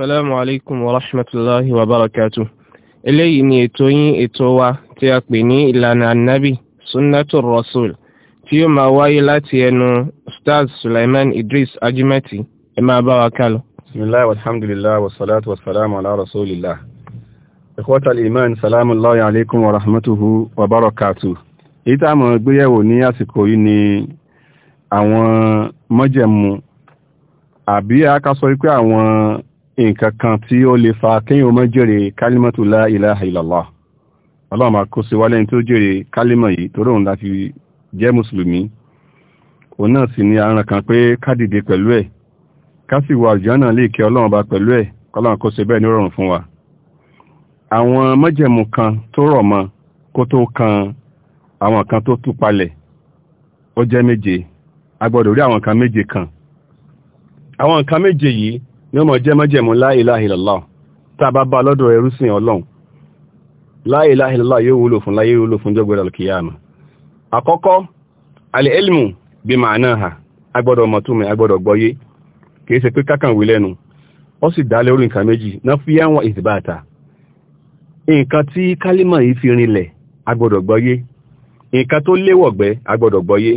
Assalamu alaikum wa rahmatullahi wa barakatuh. Eléyìí ni ètò yín ètò wa tí a pè ní ìlànà annabi Sunnatul Rasul tí ó máa wáyé láti ẹnu Ustaz Sulaiman Idris Ajimati. Ẹ máa bá wa kálọ. Bismillah walhamdulillah wa salatu wa salamu ala rasulillah. Ikhwatal iman salamu Allahi alaikum wa rahmatuhu wa barakatuh. Èyí mọ̀ gbéyẹ̀wò ní àsìkò yìí ni àwọn mọ́jẹ̀mú àbí a ká sọ pé àwọn nǹkan kan tí ó lè fa kíyàn ó má jèrè kálímọ̀tù la ilaha illallah ọlọ́run máa kó sí wálé tó jèrè kálímọ̀ yìí tó rọrùn láti jẹ́ mùsùlùmí òun náà sì ni aràn kan pé kádìde pẹ̀lú ẹ̀ ká sì wà àlùjànnà lè kẹ́ ọlọ́run bá pẹ̀lú ẹ̀ kọ́lọ́run kó ṣe bẹ́ẹ̀ ní rọrùn fún wa àwọn májẹ̀mú kan tó rọ̀ mọ́ kó tó kan àwọn kan tó tú palẹ̀ ó jẹ́ méje a gbọ́dọ̀ rí àwọn kan méje kan àwọn kan méje yìí yóò mọ̀ jẹ́ májẹ̀mú la ilaha illallah tá a bá bá lọ́dọ̀ ẹrúsìn ọlọ́run la ilaha illallah yóò wúlò fún láyé wúlò fún jọ́gbẹ̀rẹ̀ alkiyama àkọ́kọ́ alẹ́lmù bí ma'naha agbọ́dọ̀ mọ̀túnmẹ̀ agbọ́dọ̀ gbọ́yé kìí ṣe pé kákàn wí lẹ́nu ó sì dá lórí nǹkan méjì náà fi yáwọn ìsìbáta nǹkan tí kálímà yìí fi rinlẹ̀ agbọ́dọ̀ gbọ́yé nǹkan tó léwọ̀gbẹ́ agbọ́dọ̀ gbọ́yé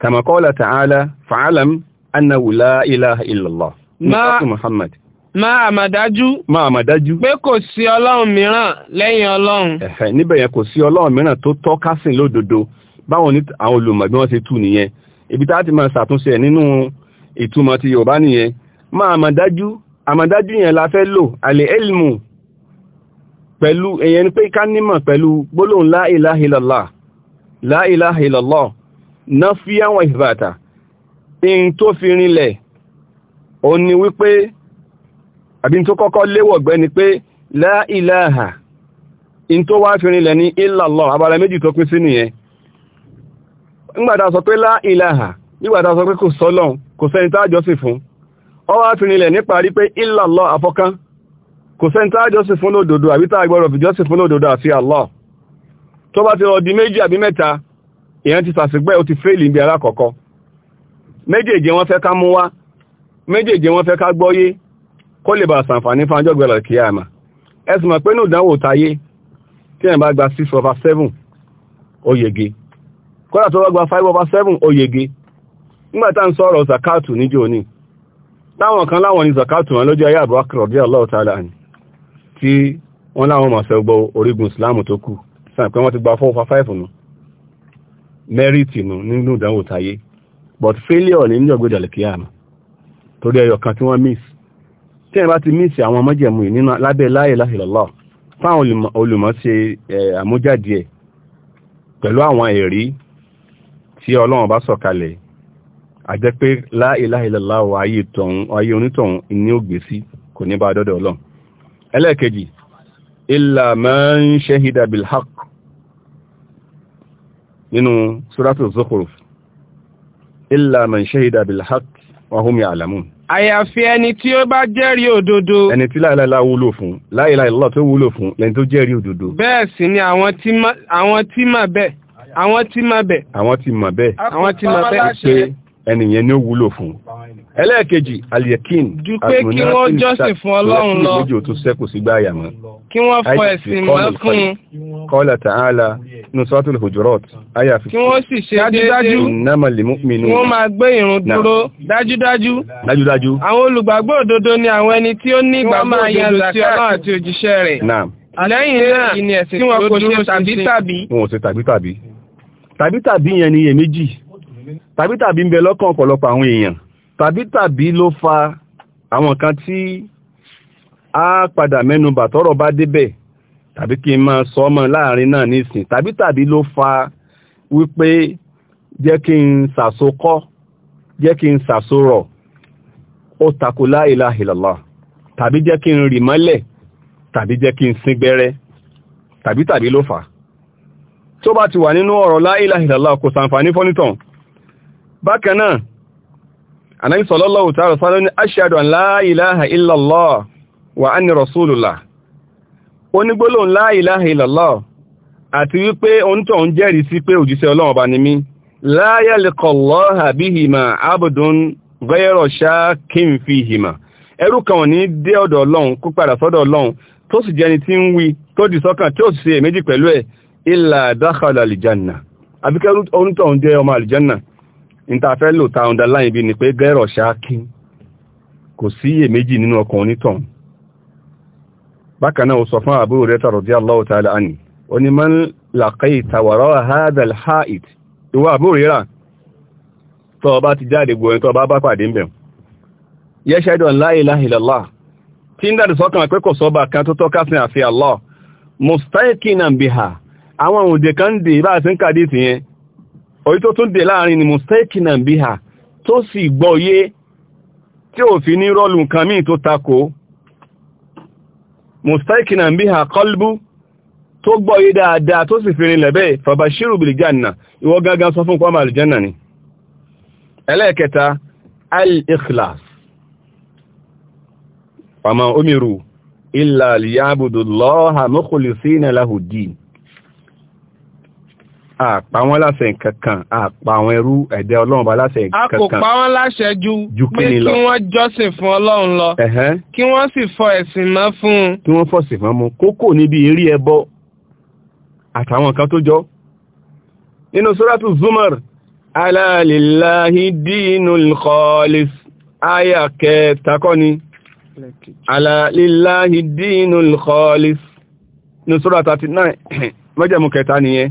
kama ta'ala fa'alam annahu la ilaha illallah Máa àmàdájú. Máa àmàdájú. Pé kò sí ọlọ́run mìíràn lẹ́yìn ọlọ́run. Ẹ̀hẹ̀ níbẹ̀ yẹn kò sí ọlọ́run mìíràn tó tọ́ kásìn lódodo. Báwọn ní àwọn olùmọ̀ bí wọ́n ṣe tú nìyẹn. Ibi tá ti máa ṣàtúnṣe ẹ̀ nínú ìtumọ̀ ti Yorùbá nìyẹn. Máa àmàdájú. Àmàdájú yẹn la fẹ́ lò. Àlè Elmu pẹ̀lú èyẹn pé ká nímọ̀ pẹ̀lú gbólóhùn la ilaha illallah. La ilaha wa ìbàtà. Ìn tó fi rinlẹ̀ ó ní wípé àbí tó kọ́kọ́ léwọ̀ gbẹ́ ni pé la ilaha in tó wá fi rinlẹ̀ ní illallah abala méjì tó pín sí nìyẹn nígbàtà sọ pé la ilaha nígbàtà sọ pé kò sọ́lọ́n kò sẹ́ni tá jọ́sìn fún ó wá fi rinlẹ̀ níparí pé illallah afọ́kán kò sẹ́ni tá jọ́sìn fún lódodo àbí tá gbọ́rọ̀ fi jọ́sìn fún lódodo àti tó bá ti rọ di méjì àbí mẹ́ta méjèèjì wọ́n fẹ́ ká gbọ́yé kó lè bá sàǹfàní fánjọ́ gbẹ̀rẹ̀ kí a mà ẹ̀sùn mọ̀ pé ní ìdánwò táyé tí ẹ̀ bá gba 6 over 7 ó yege kódà tó bá gba 5 over 7 ó yege nígbà tá ń sọ̀rọ̀ zakatu níjọ́ ní táwọn kan láwọn ni zakatu wọn lójú ayé àbúrò akọrọ̀ bí Allah ta'ala ni tí wọ́n láwọn mọ̀ sẹ́ gbọ́ orígun Islam tó kù sàn pé wọ́n ti gba 4 over 5 nù mẹ́rìtì nù nínú ìdánwò táyé but failure ní níjọ́ gbẹ̀rẹ̀ kí a mà torí ẹyọ kan tí wọ́n miss tí ẹ bá ti miss àwọn májẹ̀mú yìí nínú lábẹ́ la ilaha illallah fáwọn olùmọ̀ ṣe àmújáde ẹ̀ pẹ̀lú àwọn ẹ̀rí tí ọlọ́run bá sọ̀kalẹ̀ àjẹ́ pé la ilaha illallah ayé onítọ̀hún ní ògbé sí kò ní bá dọ́dọ̀ ọlọ́run ẹlẹ́ẹ̀kejì illa man shahida bil haqq nínú suratu zukhruf illa man shahida bil haqq wọ́n mi àlàmù. àyàfi ẹni tí ó bá jẹ́rìí òdodo. ẹni tí láìláìlá wúlò fún láìláìlá tó wúlò fún lẹni tó jẹ́rìí òdodo. bẹ́ẹ̀ sì ni àwọn tí mà bẹ́ẹ̀. àwọn tí mà bẹ́ẹ̀. àwọn tí mà bẹ́ẹ̀. àwọn tí mà bẹ́ẹ̀. pé ẹnìyẹn ni ó wúlò fún ẹlẹ́ẹ̀kejì aliyakin ju pé kí wọ́n jọ́sìn fún ọlọ́run lọ méjì ò tún sẹ́kù sí gbáyà mọ́ kí wọ́n fọ ẹ̀sìn mọ́ fún un kọ́lá tààlà nínú suratul hujurat àyà fi kí wọ́n sì ṣe déédéé innamal mu'minun wọ́n máa gbé ìrun dúró dájúdájú dájúdájú àwọn olùgbàgbọ́ òdodo ni àwọn ẹni tí ó ní ìgbàgbọ́ òdodo sí ọlọ́run àti òjíṣẹ́ rẹ̀ lẹ́yìn náà ni ẹ̀sìn tí wọ́n kò ṣe tàbí tàbí wọn ò ṣe tàbí tàbí tàbí tàbí yẹn ni iyèméjì tàbí tàbí ń bẹ lọ́kàn ọ̀pọ̀lọpọ̀ àwọn èèyàn tàbí tàbí ló fa àwọn kan tí a padà mẹ́nubà tọ́rọ̀ bá débẹ̀ tàbí kí n máa sọ ọmọ láàrin náà nísìn tàbí tàbí ló fa wípé jẹ́ kí n sàsokọ́ jẹ́ kí n sàsorọ̀ ó takò la ilaha illallah tàbí jẹ́ kí n rì mọ́lẹ̀ tàbí jẹ́ kí n sín gbẹ́rẹ́ tàbí tàbí ló fà tó bá ti wà nínú ọ̀rọ̀ la ilaha illallah kò sàǹfààní fọ́nítàn bákan náà anábi sallallahu ta'ala sọ́lọ́ ní ashhadu an la ilaha illallah wa anni rasulullah onígbólóhùn la ilaha illallah àti wípé oúntọ̀ ń jẹ́rìí sí pé òjíṣẹ́ ọlọ́run ọba ni mí la yalqallaha bihima abdun ghayra shakin fihima ẹrú kan wọ̀n ní dé ọ̀dọ̀ ọlọ́run kó padà sọ́dọ̀ ọlọ́run tó sì jẹni tí ń wí tó dì sọ́kàn tí ó sì ṣe èméjì pẹ̀lú ẹ̀ illa dakhala aljanna àbíkẹ́ orúntọ̀ ń jẹ́ ìtafẹ́ lò ta underline bí ni pé gẹ́rọ̀ ṣáákí kò sí èméjì nínú ọkàn onítàn bákan náà ó sọ fún àbúrò rẹ̀ radiyallahu ta'ala anhu ó ní man laqaita wara hadha ha haid ìwọ àbúrò rẹ̀ ọba ti jáde ọba bá Allah biha kan orí tó tún dé láàrin ni mustekina biha tó sì gbọ́yé tí ò fi ní rọ́lù nǹkan míì tó takò mustekina biha qalbu tó gbọ́yé dáadáa tó sì fi rinlẹ̀ bẹ́ẹ̀ fàbàṣírù bìlìjánà ìwọ gángan sọ fún kwamà àlùjánà ni ẹlẹ́ẹ̀kẹta al-ikhlas wa ma illa liyabudu allaha mukhlisina lahu ddin àpá wọn láṣẹ kankan àpá wọn ẹrú ẹ̀dẹ́ ọlọ́run bá láṣẹ kankan. a kò pa wọn láṣẹ ju pé kí wọ́n jọ́sìn fún ọlọ́run lọ kí wọ́n sì fọ ẹ̀sìn mọ́ fún un. kí wọ́n fọ̀sìn mọ́ mu kókó níbi eré ẹbọ àtàwọn kan tó jọ. nínú sóràtù zumar ala lillahi dinul khalis aya kẹta kọ́ ni ala lillahi dinul khalis nínú sóràtù 39 mọ́jẹ̀mú kẹta nìyẹn.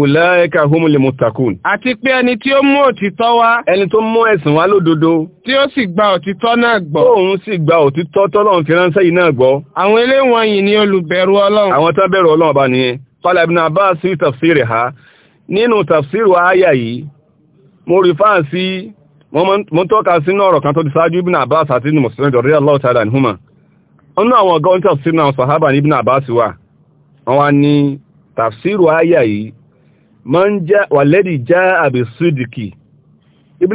ulaika humul muttaqun. àti pé ẹni tí ó mú òtítọ́ wá. ẹni tó mú ẹ̀sùn wá lódodo. tí ó sì gba òtítọ́ náà gbọ́. òun sì gba òtítọ́ tọ́lọ́run ránṣẹ́ yìí náà gbọ́. àwọn eléwọ̀nyí ni olùbẹ̀rù ọlọ́run. àwọn tó bẹ̀rù ọlọ́run nìyẹn. ha nínú àyà yìí mo rí mo tọ́ka sínú ọ̀rọ̀ kan tó ti àti wàlẹ́dì já àbì sídìkì Ibn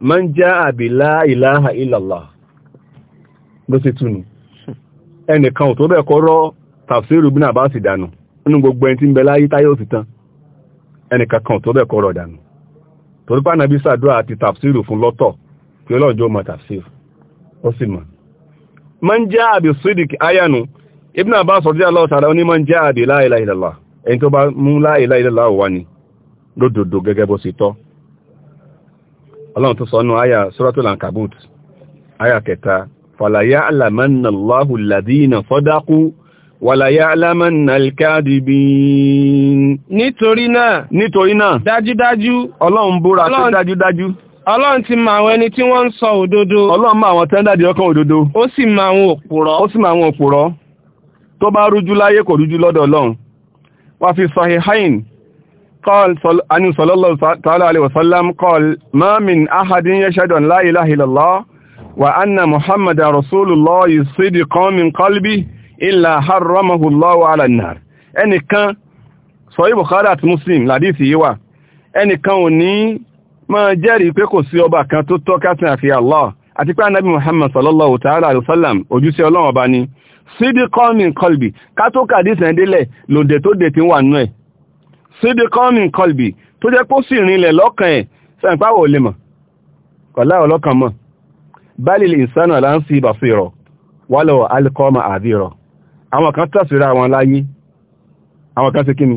ma àbì la ilaha illallah sì túnú ẹnìkan ò tó bẹ́ẹ̀ kọ́ rọ́ sì dànù gbogbo ẹni tí ń bẹ láyé táyé òsì tán ẹnìkan tó bẹ́ẹ̀ kọ́ dànù torí pé sàdúrà ma àbì sídìkì ayánu ẹni tó bá mú láìláìlá wà ní lódòdó gẹ́gẹ́ bó sì tọ́ ọlọ́run tó sọ nú àyà suratul ankabut àyà kẹta fàlàyà alamanna allahu ladina sadaku wàlàyà ọlọ́run ọlọ́run ti ma àwọn ẹni tí wọ́n ń sọ òdodo ọlọ́run àwọn tẹ́ndàdì òdodo ó sì àwọn ó sì àwọn tó bá rújú láyé kò rújú lọ́dọ̀ ọlọ́run وفي صحيحين قال صل... أن صلى الله تعالى عليه وسلم قال ما من أحد يشهد أن لا إله إلا الله وأن محمد رسول الله صدقا من قلبه إلا حرمه الله على النار ẹni kan sọ ibùkádà àti muslim làdíìsì yìí wà ẹni kan ò ní máa jẹ́rìí pé kò sí ọba kan tó tọ́ kásìn àfi Allah àti pé anábì Muhammad sallallahu ta'ala alaihi wasallam ojúṣe ọlọ́run ọba ni sídìkọ́ min kọlbì ká tó kàdí ìsẹ̀ndélẹ̀ lòdè tó dè tí wà nú ẹ̀ sídìkọ́ min kọlbì tó jẹ́ kó sì rinlẹ̀ lọ́kàn ẹ̀ sẹ́ǹpáwò lè mọ̀ kọ̀lá ọlọ́kàn mọ̀ bálìlì ìsánà láńsí ìbàfihàn wálọ̀ alikọ́mà àbírọ̀ àwọn kan tàṣírà wọn láyé àwọn kan ṣe kíni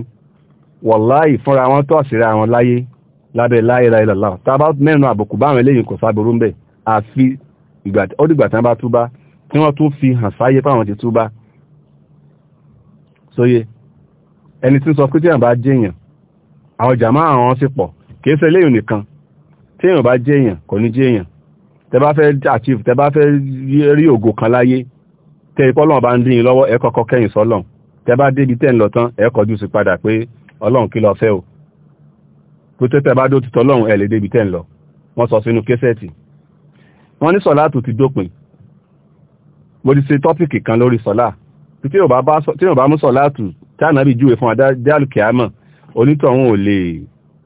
wọ̀láì fúnra wọn tàṣírà wọn láyé lábẹ́ láìláìlọ́lá tàbá mẹ́rin àbùkù báwọn eléyìn kò sábẹ̀rú ń àfi ìgbà ó dìgbà tán bá túbá kí wọ́n tó fi hàn sáyé páwọn ti túbá sóyé ẹni tí ń sọ kírísítẹ́nì bá jẹ́yàn àwọn jàmá àwọn sì pọ̀ kìí ṣe léyìn nìkan tí èèyàn bá jẹ́yàn kò ní jẹ́yàn tẹ bá fẹ́ achieve tẹ bá fẹ́ rí ògo kan láyé tẹ ìpọ́lọ̀ bá ń dín in lọ́wọ́ ẹ kọ́kọ́ kẹ́yìn sọ́lọ̀n tẹ bá débi tẹ́ ń wọ́n ní sọ̀látù ti dópin mo ti ṣe tọ́pìkì kan lórí sọ́lá tí ò bá mú sọ́lá tù tí ànábì júwe fún adáàlù kìámọ̀ onítọ̀hún ò lè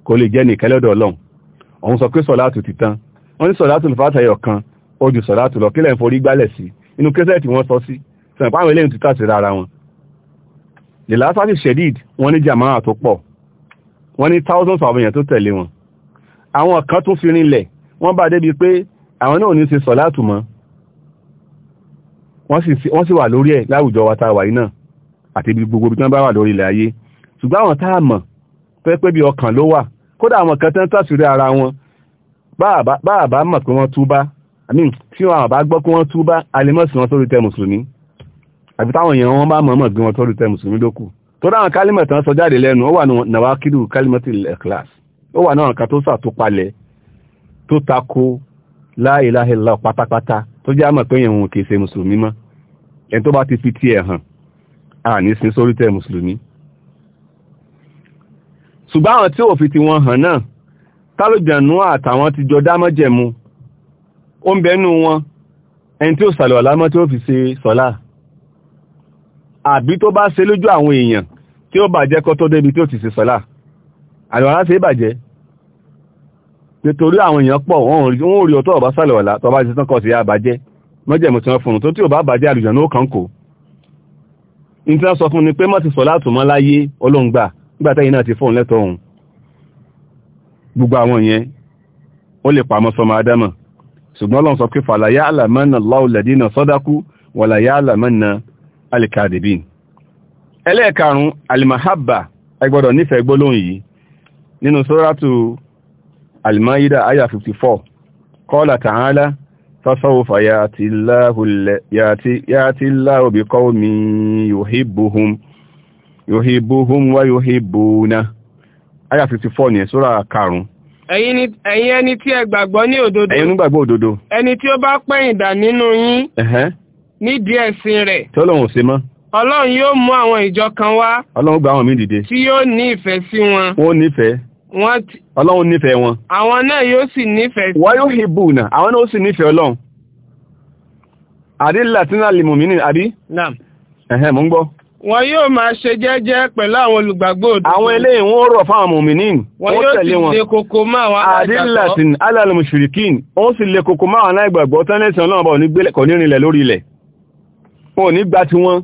kò lè jẹ́ nìkan lọ́dọ̀ ọlọ́run òun sọ pé sọ́lá tù ti tán wọ́n ní sọ́lá tù lùfàtà ẹyọ kan ó ju sọ́lá tù lọ kílẹ̀ ń forí gbálẹ̀ sí inú kẹsẹ̀tì wọ́n sọ sí sọ̀rọ̀ pàwọn eléyìí ti tàṣí rárá wọn lè lásàtì shedid wọ́n ní jamaa tó pọ̀ wọ́n ní thousands of èèyàn tó tẹ̀lé wọn àwọn kan tún fi rinlẹ̀ wọ́n bá débi pé àwọn náà ò ní ṣe sọ̀lá tù mọ́ wọ́n sì wà lórí ẹ̀ láwùjọ wa tá a wà yìí náà àti ibi gbogbo ibi tí wọ́n bá wà lórí ilẹ̀ ayé ṣùgbọ́n àwọn tá a mọ̀ pé pé bí ọkàn ló wà kódà àwọn kan tán tàṣírí ara wọn báàbá mọ̀ pé wọ́n túbá tí wọ́n bá gbọ́ pé wọ́n túbá alẹ́mọ̀sí wọn sórí tẹ mùsùlùmí àbí táwọn èèyàn wọn bá mọ̀ọ́mọ̀ gbé tó dáhùn kálímọ̀ tó jẹ́ àmọ̀ pé yẹn kìí ṣe mùsùlùmí mọ́ ẹni tó bá ti fi tiẹ̀ hàn a ní sin sórí tẹ̀ mùsùlùmí ṣùgbọ́n àwọn tí ò fi ti wọn hàn náà tálójànú àtàwọn ti jọ dámọ́jẹ̀mú ó ń bẹnu wọn ẹni tí ó sàlọ̀ lámọ́ tí ó fi ṣe sọ́lá àbí tó bá ṣe lójú àwọn èèyàn tí ó bàjẹ́ kọ́ tó débi tí ó ti ṣe sọ́lá àlọ́ aláṣẹ́ nítorí àwọn èèyàn pọ̀ wọ́n ò rí ọtọ́ ọ̀bá sálẹ̀ ọ̀la tọba ti tán kọ́ sí àbájẹ́ mọ́jẹ̀mù tí wọ́n fún un tó tí ò bá bàjẹ́ àlùjọ̀nú ó kàn kò ní tí wọ́n sọ fún ni pé má ti sọ látò mọ́ láyé olóńgbà nígbà tẹ́yìn náà ti fóun lẹ́tọ̀ òun gbogbo àwọn yẹn ó lè pamọ́ sọmọ adámọ̀ ṣùgbọ́n Ọlọ́run sọ pé fàlàyé àlàmọ́nà láòlẹ̀dínà sọ́dákú wàlàyé àlàmọ́nà alikadibin ẹlẹ́ẹ̀karùn-ún alimahabba ẹgbọ́dọ̀ nífẹ̀ẹ́ gbólóhùn yìí nínú sóràtù almaida aya 54 qala ta'ala fasawfa yati llahu yati yati llahu biqaumin yuhibbuhum yuhibbuhum wa yuhibbuna aya 54 ni sura karùn ẹ̀yin ẹni tí ẹ gbàgbọ́ ní òdodo ẹ̀yin onígbàgbọ́ òdodo ẹni tí ó bá pẹ̀yìndà nínú yín nídìí ẹ̀sìn rẹ̀ tí ọlọ́run ṣe mọ́ ọlọ́run yóò mú àwọn ìjọ kan wá ọlọ́run gba àwọn míì dìde tí yóò ní ìfẹ́ sí wọn wọn ò nífẹ̀ẹ́ wọ́n ti ọlọ́run nífẹ̀ẹ́ wọn àwọn náà yóò sì nífẹ̀ẹ́ sí wọ́n yóò hìbù náà àwọn náà ó sì nífẹ̀ẹ́ ọlọ́run àdí latina limomini àbí ẹ̀hẹ́ mú ń gbọ́ wọ́n yóò máa ṣe jẹ́jẹ́ pẹ̀lú àwọn olùgbàgbọ́ òdodo àwọn eléyìí wọ́n rọ̀ fáwọn mòmìnín wọ́n tẹ̀lé wọn àdí latin alalimushirikin ó sì lè kòkó máa aláìgbàgbọ́ tẹ́lẹ̀sì ọlọ́run bá kò ní rinlẹ̀ lórí ilẹ̀ wọn ò ní gbà tiwọn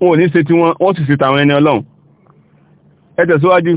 wọn ò ní ṣe tiwọn wọ́n sì sí tàwọn ẹni ọlọ́run ẹ tẹ̀síwájú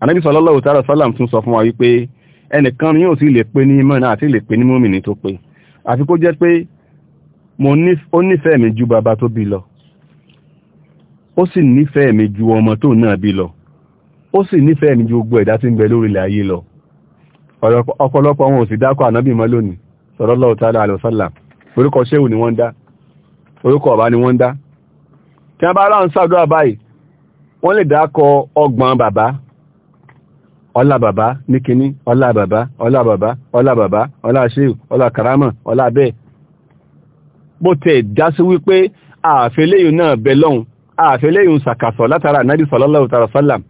anábì sallallahu ta'ala sallam tún sọ fún wa wípé ẹnìkan yóò sì lè pé ní mọ́nà àti lè pé ní mọ́mìnì tó pé àfi kó jẹ́ pé ó nífẹ̀ẹ́ mi ju bàbá tó bí lọ ó sì nífẹ̀ẹ́ mi ju ọmọ tó náà bí lọ ó sì nífẹ̀ẹ́ mi ju gbogbo ẹ̀dá tí ń bẹ lórí ilẹ̀ ayé lọ wọn ò sì dákọ̀ ànábì mọ́ lónìí sallallahu ta'ala alaihi wasallam ṣéwù ni wọ́n dá orúkọ ọba ni wọ́n dá tí wọ́n bá ráhùn sáàdúrà báyìí wọ́n lè dákọ̀ ọgbọ̀n bàbá ọlá bàbá ní kíní ọlá bàbá ọlá bàbá ọlá bàbá ọlá ṣéù ọlá karama ọlá bẹ́ẹ̀ bó tẹ̀ já sí wípé àfẹ́léyìn náà bẹ lọ́hùn àfẹ́léyìn sàkàsọ̀ látara nábì sallallahu ta'ala sallam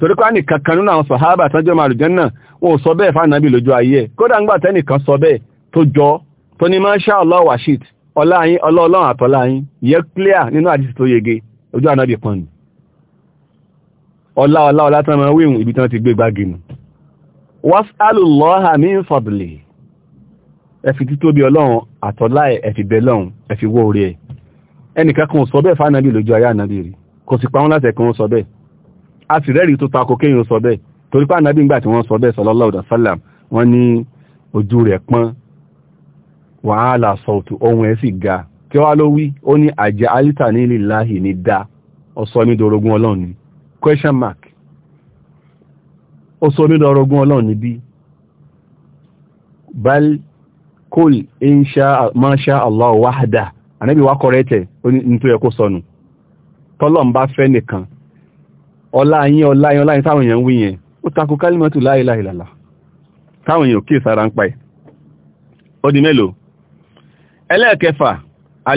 torí kó ní kankan nínú àwọn sàhábà tánjọ́ máa rùjẹ́ náà wọn ò sọ bẹ́ẹ̀ fáànà bí lójú ayé kódà ń gbà tẹ́nìkan sọ bẹ́ẹ̀ tó jọ tó ní masha Allah washit ọlá yín ọlọ́ọ̀lọ́run àtọ́lá yín yẹ clear nínú àdìsí tó yege ojú ànábì pọ̀nù ọlá ọlá ọlá tán máa wéhùn ibi tán ti gbé gbáginù was'alullaha min fadli ẹfi títóbi ọlọ́run àtọ́lá ẹ̀fì bẹ́lọ́run ẹ̀fì wó orí ẹ̀ ẹnìkan kan sọ bẹ́ẹ̀ fánàbí lójú ayé ànàbí rí kò sì pa wọ́n láti ẹ̀kan sọ bẹ́ẹ̀ a sallallahu alaihi wasallam wọ́n ní ojú rẹ̀ pọ́n wàhálà sọ̀tù ohun ẹ̀ sì ga kí wá ló wí ó ní àjẹ́ alítà ní lillahi ọ̀sọ́ ní dorogun ọlọ́run ni question mark ó sọ nílò ọrọ̀gún ọlọ́run kol insha Allah wahda ànábì wá kọrẹ́tẹ̀ nítorí ẹkó sọnù tọ́lọ̀ ń bá fẹ́ nìkan ọlá yín ọlá yín ọlá yín táwọn èèyàn wí yẹn ó takò kálímọ́tù táwọn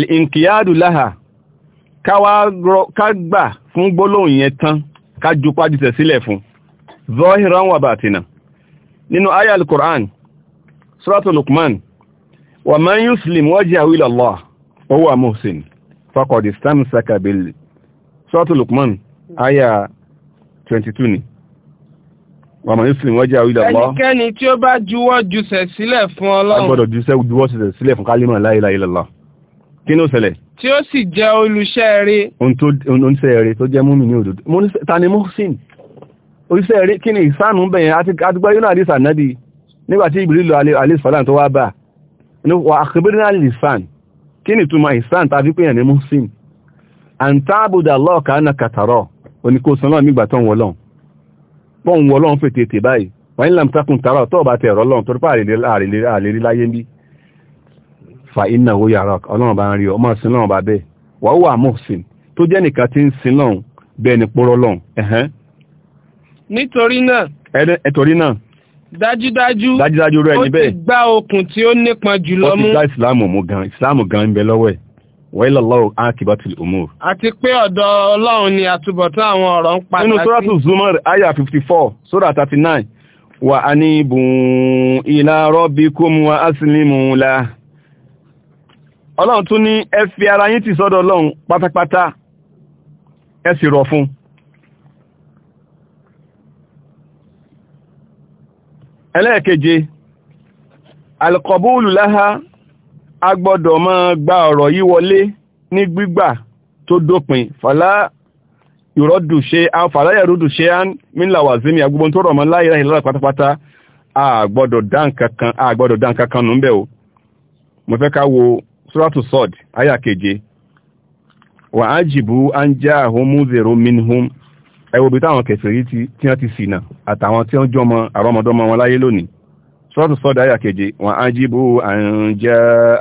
èèyàn al ká gbà fún gbólóhùn yẹn tán ká ju pàdùsẹ̀ sílẹ̀ fún zohiran wa batina nínú ayah al-Qur'an suratu lukman. wa man yuslim wajhahu ila Allah wa huwa muhsin faqad istamsaka bil suratu ni wà mọ̀ yusuf wọ́n jẹ́ àwọn ilẹ̀ lọ. ẹnikẹ́ni tí ó bá juwọ́ jùsẹ̀ sílẹ̀ la ilaha illallah kí ni ó ṣẹlẹ̀ tí ó sì jẹ́ olùṣẹ́ rí. oníṣẹ́ rí tó jẹ́ múmi ní òdòdó mo ní tani mohsin oníṣẹ́ rí kí ni ìsánú bẹ̀yẹn àtìgbà yóò náà àdìsà náà bí nígbàtí ìbìlìlò alẹ́sọ̀lá tó wá bá wà àkẹbẹ̀rẹ̀ alìsàn kí ni túnmọ̀ ìsàn tàbí pé yẹn ni mohsin an tábùdà lọ́ọ̀ká na kàtàrọ̀ oníkóòsàn náà nígbà tó ń wọlọ́n pọ́n wọlọ́n fètè tè báyìí wọ́n ń làm takùn tààrọ̀ tó bá tẹ̀rọ lọ́n torípá àrèléláyé fa iná owó yàrá ọlọ́run bá ń rí ọ máa sin lọ́run bá bẹ́ẹ̀ wà ó wà muhsin tó jẹ́ nìkan tí ń sin lọ́run bẹ́ẹ̀ ni pọ́rọ́ lọ́run ẹ̀hẹ́n. nítorí náà. ẹ̀tọ́rí náà. dájúdájú dájúdájú rẹ níbẹ̀. ó ti gbá okùn tí ó nípọn jùlọ mú. ó ti gbá ìsìláàmù mú gan ìsìláàmù gan ń bẹ lọ́wọ́ ẹ̀ wẹ́lá lọ́rùn akibatul umur. àti pé ọ̀dọ̀ ọlọ́run ni àtúbọ̀tán àwọn ọ̀rọ̀ ń padà sí. nínú sóràtù zumar aya fifty four sórà thirty nine wà á ní bùn ilà rọ́bìkùn wa aslimu la ọlọ́run tún ní ẹ fi ara yín tì sọ́dọ̀ ọlọ́run pátápátá ẹ sì rọ̀ fún ẹlẹ́ẹ̀keje alkọ̀búùlù láha a gbọ́dọ̀ máa gba ọ̀rọ̀ yí wọlé ní gbígbà tó dópin fàlá ìrọ́dù ṣe án fàláyàrúdù ṣe án mílàwà zimi agbogbo tó rọ̀mọ́ láìra ìlọ́rọ̀ pátápátá a gbọ́dọ̀ dá nǹkan kan nù ń bẹ̀ o mo fẹ́ ká wo suratu sọ́d ayà keje wà á jìbú á ń já àhún múzèrò bi ẹwọ́bi táwọn kẹsìrí tí wọ́n ti ṣìnà àtàwọn tí wọ́n jọmọ àrọmọdọ́mọ wọn láyé lónìí suratu sọ́d ayà keje wà á jìbú á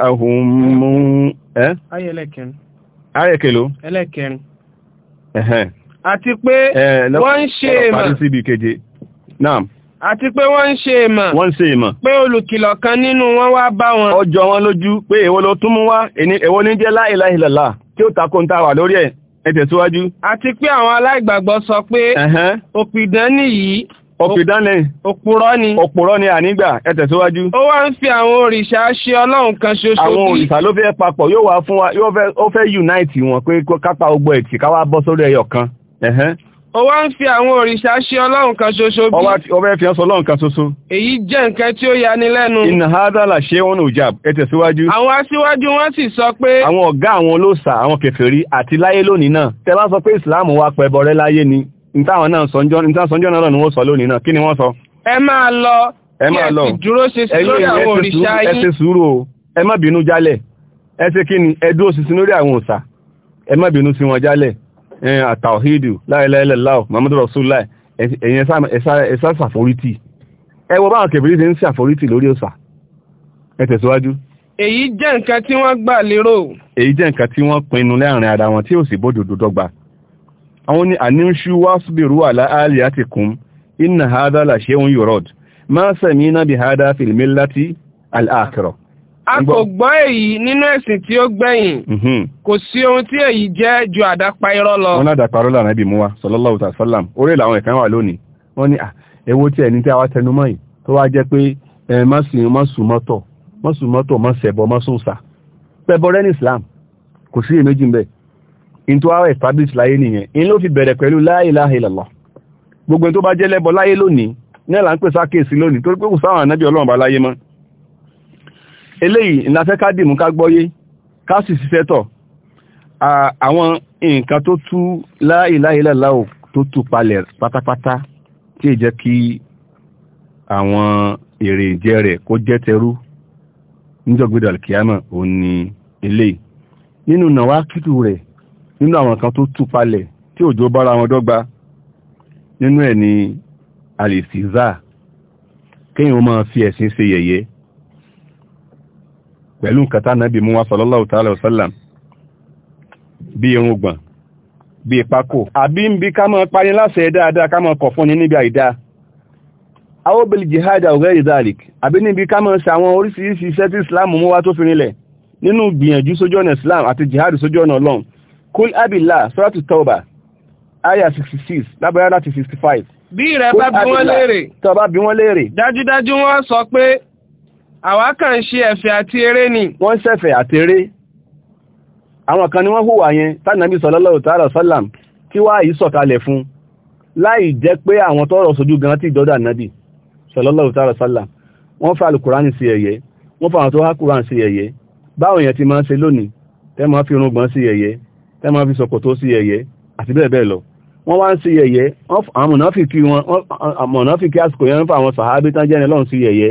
ń mú ẹ́ ayẹ́kẹ̀ló ẹlẹ́kẹ̀rin àti pé wọ́n ń ṣe àti pé wọ́n ń ṣe èmọ̀ wọ́n ń ṣe èmọ̀ pé olùkìlọ̀ kan nínú wọn wá bá wọn ọjọ́ wọn lójú pé èwo ló tún mú wá èwo ní jẹ́ la ilaha illallah tí ó takò ń ta wà lórí ẹ̀ ẹ tẹ̀síwájú. àti pé àwọn aláìgbàgbọ́ sọ pé òpìdán nìyí òpìdánlẹ̀ òpùrọ́ ni òpùrọ́ ni ànígbà ẹ ó wá ń fi àwọn òrìṣà ṣe ọlọ́run kan ṣoṣo bí. àwọn òrìṣà ló fẹ́ papọ̀ yóò wá fún wa yóò fẹ́ unite wọn pé kápá ogbó ẹ̀tì ká ó wá ń fi àwọn òrìṣà ṣe ọlọ́run kan ṣoṣo bí. ọba fi ọsọ ọlọ́run kan ṣoṣo. èyí jẹ́ nǹkan tí ó yani lẹ́nu. ìnà hádàlà ṣé wọn ò jà ẹ tẹ̀síwájú. àwọn aṣíwájú wọn sì sọ pé. àwọn ọ̀gá àwọn olóòṣà àwọn kèfèrí àti láyé lónìí náà tẹ bá sọ pé ìsìláàmù wa pẹbọ rẹ láyé ni ntáwọn náà sọjọ́ náà ni wọ́n sọ lónìí náà kí ni wọ́n sọ. ẹ máa lọ ẹ máa lọ ẹ ṣe sùúrù o ẹ má dúró ṣinṣin lórí àwọn òòṣà ẹ àtàwọ̀hídù eh, láìláìláìláò muhammadu rasulullah ẹ̀yìn ẹ̀sá ṣàforítì ẹ wo báwọn kẹfìrí ṣe ń ṣàforítì lórí òsà ẹ tẹ̀síwájú. èyí jẹ́ nǹkan tí wọ́n gbà lérò. èyí jẹ́ nǹkan tí wọ́n pinnu láàrin ara wọn tí ò sì bódòdó dọ́gba. àwọn ni àníṣú wá síbìrú àlá àlì àti kùn inna hada la ṣeun yorod máa sẹ̀mí náà bí hada fìlmílátì al-akhirah a kò gbọ́ èyí nínú ẹ̀sìn tí ó gbẹ̀yìn mhm. kò sí ohun tí èyí jẹ́ ju àdápa irọ́ lọ. wọ́n ládàpá irọ́ lànà ibi mú wa sallallahu ta'ala sallam orí làwọn ẹ̀kan wà lónìí wọ́n ní ẹwọ́ tí ẹni tí a wá tẹnu mọ́ tó wá jẹ́ pé mọ́sùmọ́tọ̀ mọ́sùmọ́tọ̀ Islam kò sí èméjì mbẹ́ in tó wá establish láyé la ilaha illallah gbogbo tó bá jẹ́ lẹ́bọ láyé lónìí náà là ń pèsè àkíyèsí eléyìí ìnáfẹ́ ká dìmú ká gbọ́yé ká sì ṣiṣẹ́ tọ̀ àwọn nǹkan tó tú láìláìláìláò tó tú palẹ̀ pátápátá tí è jẹ́ kí àwọn èrè ìjẹ rẹ̀ kó jẹ́ tẹrú níjọ̀gbẹ́dọ̀ alkiyama òun ni eléyìí nínú nàwá kìtù rẹ̀ nínú àwọn kan tó tú palẹ̀ tí òjò bára wọn dọ́gba nínú ẹ̀ ni alìsíza kéyìn ó máa fi ẹ̀sìn ṣe yẹ̀yẹ́ pẹ̀lú nǹkan tánàbí mú wá sallallahu ta'ala wa sallam bí irun gbọ̀n bí ìpákò àbí ń bí ká mọ́ parí láṣẹ dáadáa ká mọ́ kọ̀ fún ní níbi àìdá awóbìlì jihad ọ̀rẹ́ ìdálik àbí níbi ká mọ́ ṣe àwọn oríṣiríṣi islam mú wá tó fi rinlẹ̀ nínú gbìyànjú islam àti jihad sójú ọ̀nà ọlọ́run abila suratu tauba aya 66 lábẹ́rẹ́ láti 65 bí ìrẹ́ bá bí wọ́n léèrè tọ́ba bí wọ́n léèrè dájúdájú wọ́n sọ pé àwa kàn ṣe ẹ̀fẹ̀ àti eré ni. wọ́n ṣẹ̀fẹ̀ àti eré àwọn kan ni wọ́n hùwà yẹn tánàbí sallallahu ta'ala sallam tí wá yìí sọ̀kalẹ̀ fún láì jẹ́ pé àwọn tọ́rọ̀ sojú gan tí ìdọ́dà nàbì sallallahu ta'ala sallam wọ́n fa alukùránì sí ẹ̀yẹ wọ́n fa àwọn tó há kùránì sí ẹ̀yẹ báwọn èèyàn ti máa ń ṣe sí ẹ̀yẹ tẹ́ fi ṣòkòtó àsìkò yẹn ń fa àwọn sàhábí jẹ́ ní sí ẹ̀yẹ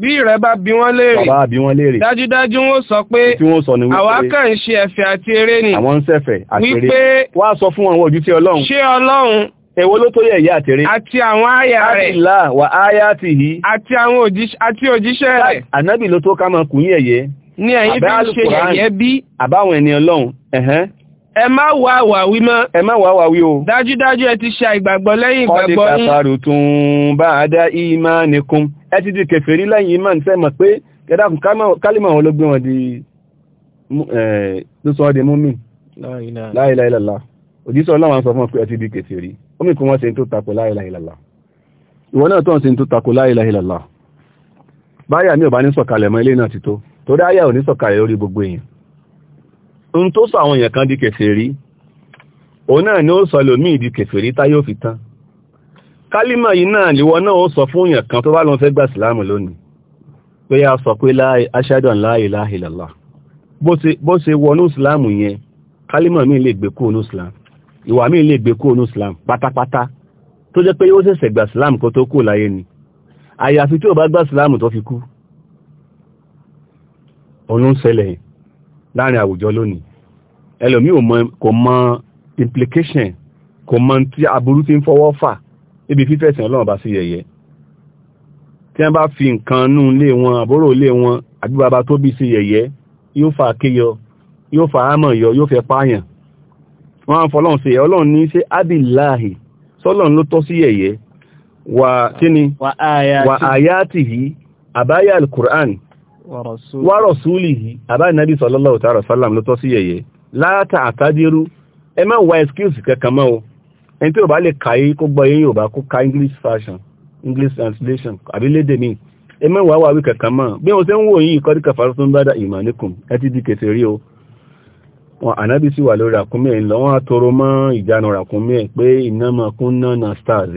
bí rẹ̀ bá bí wọ́n léèrè bàbá bí wọ́n léèrè dájúdájú wọ́n sọ pé àwa kàn ń ṣe ẹ̀fẹ̀ àti eré ni àwọn ń ṣẹ̀fẹ̀ àti eré wípé wá sọ fún àwọn ojú sí ọlọ́run ṣé ọlọ́run èwo ló tó yẹ ìyá àtẹrẹ àti àwọn àyà rẹ̀ àtìlá àti àwọn òjíṣẹ́ rẹ̀ ànábì ló tó ká máa kù yín ẹ̀yẹ ni ẹ̀yin bí ń ṣe yẹ̀yẹ́ bí àbáwọn ẹni ọlọ́run ẹ̀hẹ́n ẹ má wá àwàwí mọ́. ẹ má wá àwàwí o. dájúdájú ẹ ti ṣe àìgbàgbọ́ lẹ́yìn ìgbàgbọ́ yín. kọ́ni kàfàrù tún bá a dá ìmánìkún ẹ ti di kèfèrí lẹ́yìn imán tẹ́ mọ̀ pé kẹ́dàkùn kálímà wọn ló gbé wọn di tó sọ múmi la ilaha illallah òjísọ́ ọlọ́wọ́n sọ fún ọ pé ẹ ti di kèfèrí omi kún wọ́n ṣe tó tako la ilaha illallah ìwọ náà tó ń tó tako la illallah báyà mi ò bá ní sọ̀kalẹ̀ mọ́ ilé náà ti tó torí ayà ò ní sọ̀kalẹ̀ lórí gbogbo èèyàn ohun tó sọ àwọn èèyàn kan di kèfèrí òun náà ni ó sọ lòmí ìdí kèfèrí táyé òfin tán kálímà yìí náà líwọ náà ó sọ fún èèyàn kan tó bá lọ́n fẹ́ gbà sílámù lónìí pé a sọ pé aṣáájú la ilaha illallah bó ṣe wọnú sílámù yẹn kálímà mi lè gbé kúrò ní islam ìwà mi lè gbé kúrò ní islam pátápátá tó jẹ́ pé ó ṣẹ̀ṣẹ̀ gbà sílámù kó tó kú láyé ni àyàfi tí ò bá gbà sílámù tó fi kú kò mọ implication kò mọ tí aburú ti ń fọwọ́ fà ibi fífẹ̀sìn ọlọ́run bá sí yẹ̀yẹ́ tí wọ́n bá fi nǹkan nú ilé wọn àbúrò ilé wọn àbí bàbá tó bí sí yẹ̀yẹ́ yóò fa akéyọ yóò fa àmọ̀ yọ yóò fẹ́ pààyàn wọ́n á fọlọ́run sí ọlọ́run ní ṣe ábìláàhì sọ́lọ́run ló tọ́ sí yẹ̀yẹ́ wà kíni wà àyátì yìí àbáyà alukur'an wà rọ̀súlì yìí àbáyà nàbí sallallahu ta'ala sallam ló tọ́ sí yẹ̀yẹ́ látà àtàdírú ẹ má wá excuse kankan mọ́ o ẹni tí ò bá lè kàí kó gbọ́ yín Yorùbá kó ka English fashion English translation àbí lédè míì ẹ mẹ́wàá wà wí kankan mọ́ bí wọ́n ṣe ń wò yìí kọ́dí kàfàrú tó ń bá dá ìmọ̀ níkùn ẹ ti di kèsè rí o wọn ànábì sì wà lórí ràkúnmí ẹ̀ lọ́wọ́n àtòrò mọ́ ìjánu ràkúnmí pé iná kún náà na stars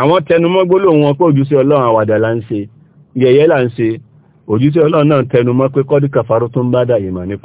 àwọn tẹnumọ́ gbólóhùn wọn pé ojúṣe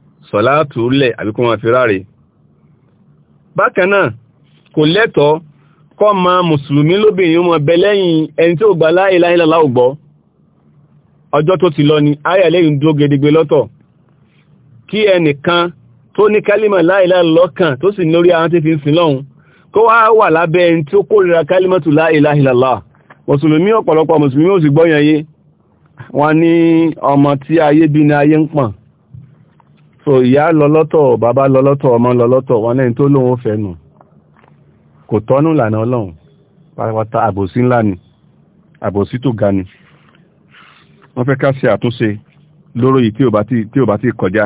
sọ̀látù lẹ̀ àbí kó máa fi ráre bákan náà kò lẹ́tọ̀ọ́ kọ́ ma mùsùlùmí lóbìnrin mọ̀ bẹ lẹ́yìn ẹni tí ó gbà la ilaha illallah gbọ́ ọjọ́ tó ti lọ ni ayà lẹ́yìn dúró gedegbe lọ́tọ̀ kí ẹnìkan tó ní kálímà la ilaha illallah kan tó sì lórí àwọn tí fi ń sin lọ́hun kó wá wà lábẹ́ ẹni tí ó kálímà tù la ilaha illallah mùsùlùmí ọ̀pọ̀lọpọ̀ mùsùlùmí ò sì gbọ́yàn yé wọn ní ọmọ tí ayé bí ní ayé ń pọ̀n so ìyá lọ lọ́tọ̀ bàbá lọ lọ́tọ̀ ọmọ lọ lọ́tọ̀ wọn lẹ́yìn tó lóun fẹ́ nù kò tọ́nù lànà ọlọ́run pátápátá àbòsí ńlá ni àbòsí tó ga ni wọ́n fẹ́ ká ṣe àtúnṣe lóró yìí tí ò bá ti kọjá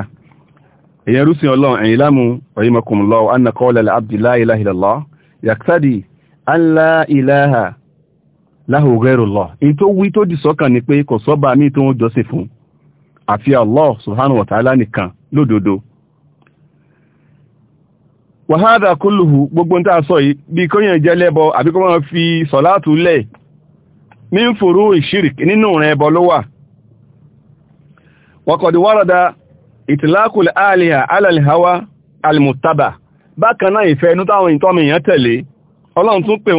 èyàn rúsìn ọlọ́run ẹ̀yìn lámú rahimakumullahu anna qawla al-abdi la ilaha illallah yaqtadi an la ilaha àfi Allah subhanahu wa ta'ala nìkan lódodo wàhádà kúlùhù gbogbo tá asọ sọ yìí bí kóyàn jẹ́ fi sọ̀látù lẹ̀ mí ń fòrú isiri nínú rẹ̀ ẹbọ ló wà wọ́kọ̀dì wárọ̀dá ìtìlákùlẹ̀ alàlìháwá bákan náà ìfẹ́ inú táwọn ìtọ́mì èèyàn tẹ̀lé ọlọ́run tún pè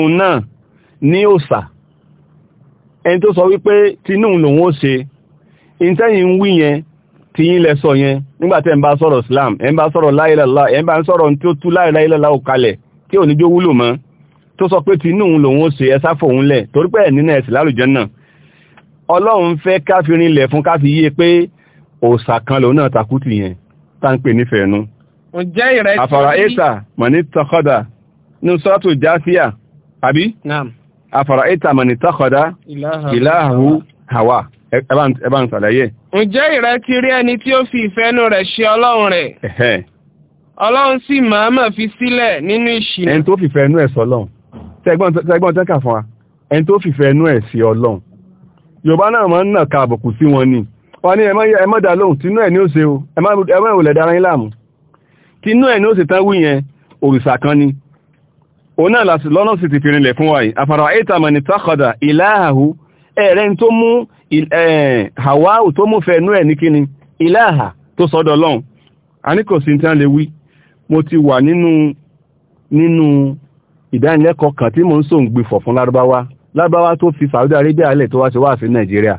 tí yín lẹ sọ yẹn nígbàtẹ́ ń bá sọ̀rọ̀ islam ẹ̀ ń bá sọ̀rọ̀ láìlàlá ẹ̀ ń bá sọ̀rọ̀ tí ó tú láìláìlàlá ò kalẹ̀ tí ò ní jó wúlò mọ́ tó sọ pé tinú òun lòun ó ṣe ẹsá fòun lẹ̀ torí pé nínú ẹ̀sìn lálùjẹ́ náà ọlọ́run fẹ́ káfírin lẹ̀ fún káfí yé pé òòsà kan lòun náà takútù yẹn tá ń pè nífẹ̀ẹ́ nu. ǹjẹ́ ìrẹsì àfàrà ètà mọ̀ní tọkọ́dà ní sọ́tù jáfíà àbí àfàrà ètà mọ̀ní tọkọ́dà ìlàhù Hawa ẹbá ń sàlàyé. ǹjẹ́ ìrẹ́ ti rí ẹni tí ó fi ìfẹ́nu rẹ̀ ṣe ọlọ́run rẹ̀ ọlọ́run sì màámà fi sílẹ̀ nínú ìṣìnà. ẹni tó fìfẹ́ inú ẹ̀ sí ọlọ́run tẹ́gbọ́n tẹ́kà fún wa ẹni tó fìfẹ́ inú ẹ̀ sí ọlọ́run yorùbá náà máa ń nà ka àbùkù sí wọn ni wọn ní ẹ má dá lóhùn tínú ẹ̀ ní ó o ẹ má ìwòlẹ̀ dára yín láàmú tínú ẹ̀ ní ó tán wí yẹn òrìṣà kan ni òun náà lọ́nà sì ti fi rinlẹ̀ fún wa yìí àfàrà àìtàmọ̀ ní tàkọ̀dà ìlàhàhù ẹ̀rẹ́ tó mú eh, Hawa'u tó mú fẹ̀ẹ́nú ẹ̀ ní kíni ìlàhà tó sọ́dọ̀ lọ́n a ní kò sí tí a lè wí mo ti wà nínú nínú ìdánilẹ́kọ̀ọ́ kan tí mo ń sọ ń gbé fọ̀ fún lárúbáwá lárúbáwá tó fi Saudi Arabia alẹ̀ tó wá ṣe wá sí Nàìjíríà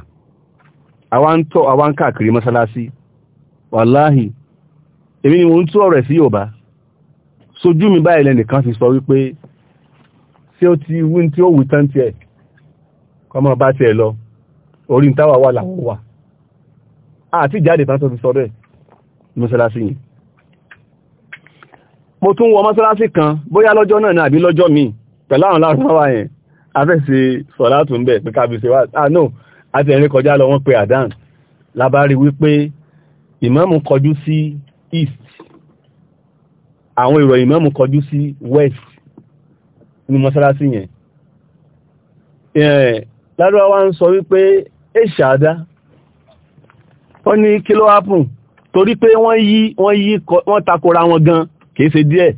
àwa ń tọ́ àwa ń káàkiri mọ́sálásí wàláhì èmi ni mo ń tú ọ̀rẹ̀ sí Yorùbá sojú mi báyìí lẹ́nìkan ti sọ wípé ṣé ó ti wí tí ó wù tán tiẹ̀ kọmọ bá tiẹ̀ lọ orí ìtawà wà làwọ́ wà àti ìjáde pásọ̀ ti sọ́rọ̀ ẹ̀ mọ́sálásí yìí mo tún wọ mọ́sálásí kan bóyá lọ́jọ́ náà ní àbí lọ́jọ́ mi pẹ̀lú àwọn lárúbáwá yẹn afẹ́sẹ̀ sọ̀lá tún bẹ̀ pé kábíyèsí wà ah no àti ẹ̀rin kọjá lọ wọ́n labari wípé ìmáàmù kọjú east àwọn èrò ìmáàmù west ní mọ́sálásí yẹn lárúwáwá ń sọ wípé èṣàdá wọ́n ní kí ló hápùn torí pé wọ́n yí wọ́n yí wọ́n takora wọn gan kìí ṣe díẹ̀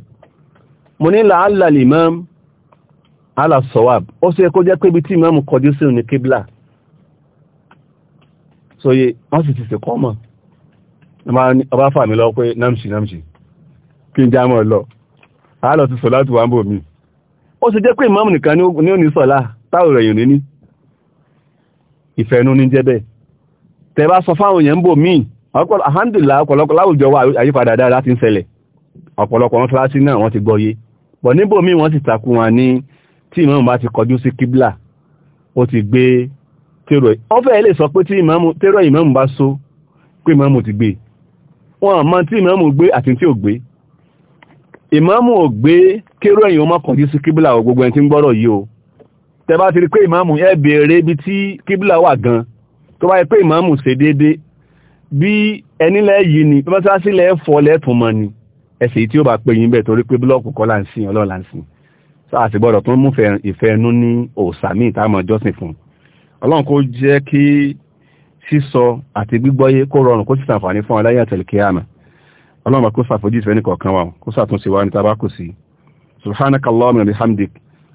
mo ní làálà lè mọ́ alasọ́wàb ó sì kó jẹ́ pé ibi tí ìmọ̀mù kọjú sí ní kíblà sóye wọ́n sì ti sì kọ́ mọ̀ ọba fà mí lọ pé námsì námsì kí n já mọ̀ lọ àálọ̀ ti sọ láti wà ń bò mí ó sì jẹ́ pé ìmọ̀mù nìkan ní ò ní sọ̀lá táwọn èèyàn ní ìfẹ́nú ní jẹ́ bẹ́ẹ̀ tẹ́ bá sọ fáwọn èèyàn ń bò míì alhamdulillah ọ̀pọ̀lọpọ̀ láwùjọ wa àyípadà dáadáa ti ń ṣẹlẹ̀ ọ̀pọ̀lọpọ̀ wọn fúláṣí náà wọ́n ti gbọ́yé bọ̀ níbò míì wọ́n ti takú wọn ní tí ìmáàmù bá ti kọjú sí kíblà ó ti gbé tèrò ọfẹ́ lè sọ pé tí tèrò ìmáàmù bá so pé ìmáàmù ti gbé wọn mọ tí ìmáàmù gbé àti tí ò gbé ìmáàmù ò gbé kérò ẹ̀yìn ó má kọjú sí kíblà ò gbogbo ẹni tí ń gbọ́rọ̀ yìí o tẹ́bá ti rí pé ìmáàmù ẹ bèèrè ibi tí kíbílà wà gan tó bá yẹ pé ìmáàmù ṣe déédé bí ẹnílẹ̀ yìí ni bí wọ́n sílẹ̀ fọ́ lẹ́tùn mọ́ ni ẹsẹ̀ tí ó bá pè yín bẹ̀ torí pé búlọ́ọ̀kù kọ́ láǹsìn ọlọ́run láǹsìn sáà sì gbọ́dọ̀ tún mú ìfẹ́ ẹnu ní òòsàmì ìtààmọ̀ jọ́sìn fún ọlọ́run kó jẹ́ kí sísọ àti gbígbọ́yé kó rọrùn kó sì ṣàǹfààní fún aláyà tẹ̀lẹ̀kẹ́ àmà ọlọ́run kó ṣàfojì ìfẹ́ nìkọ̀ọ̀kan wa kó ṣàtúnṣe wa ní tabakù sí subhanakallahumma bihamdik